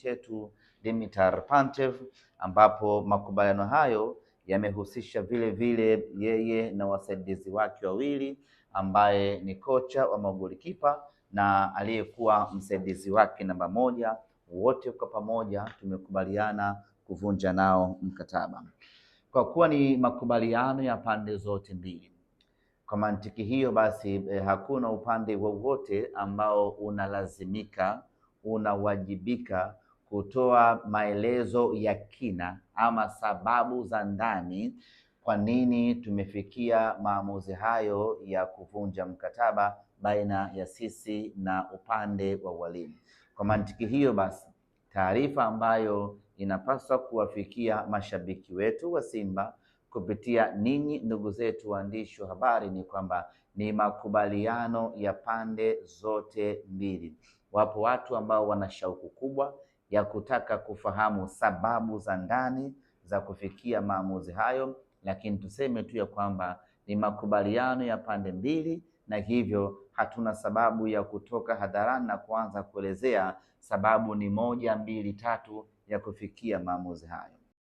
chetu Dimitar Pantev, ambapo makubaliano hayo yamehusisha vile vile yeye na wasaidizi wake wawili ambaye ni kocha wa magolikipa na aliyekuwa msaidizi wake namba moja, wote kwa pamoja tumekubaliana kuvunja nao mkataba kwa kuwa ni makubaliano ya pande zote mbili. Kwa mantiki hiyo basi, eh, hakuna upande wowote ambao unalazimika, unawajibika kutoa maelezo ya kina ama sababu za ndani kwa nini tumefikia maamuzi hayo ya kuvunja mkataba baina ya sisi na upande wa walimu. Kwa mantiki hiyo basi, taarifa ambayo inapaswa kuwafikia mashabiki wetu wa Simba kupitia ninyi ndugu zetu waandishi wa habari ni kwamba ni makubaliano ya pande zote mbili. Wapo watu ambao wana shauku kubwa ya kutaka kufahamu sababu za ndani za kufikia maamuzi hayo, lakini tuseme tu ya kwamba ni makubaliano ya pande mbili, na hivyo hatuna sababu ya kutoka hadharani na kuanza kuelezea sababu ni moja, mbili, tatu ya kufikia maamuzi hayo.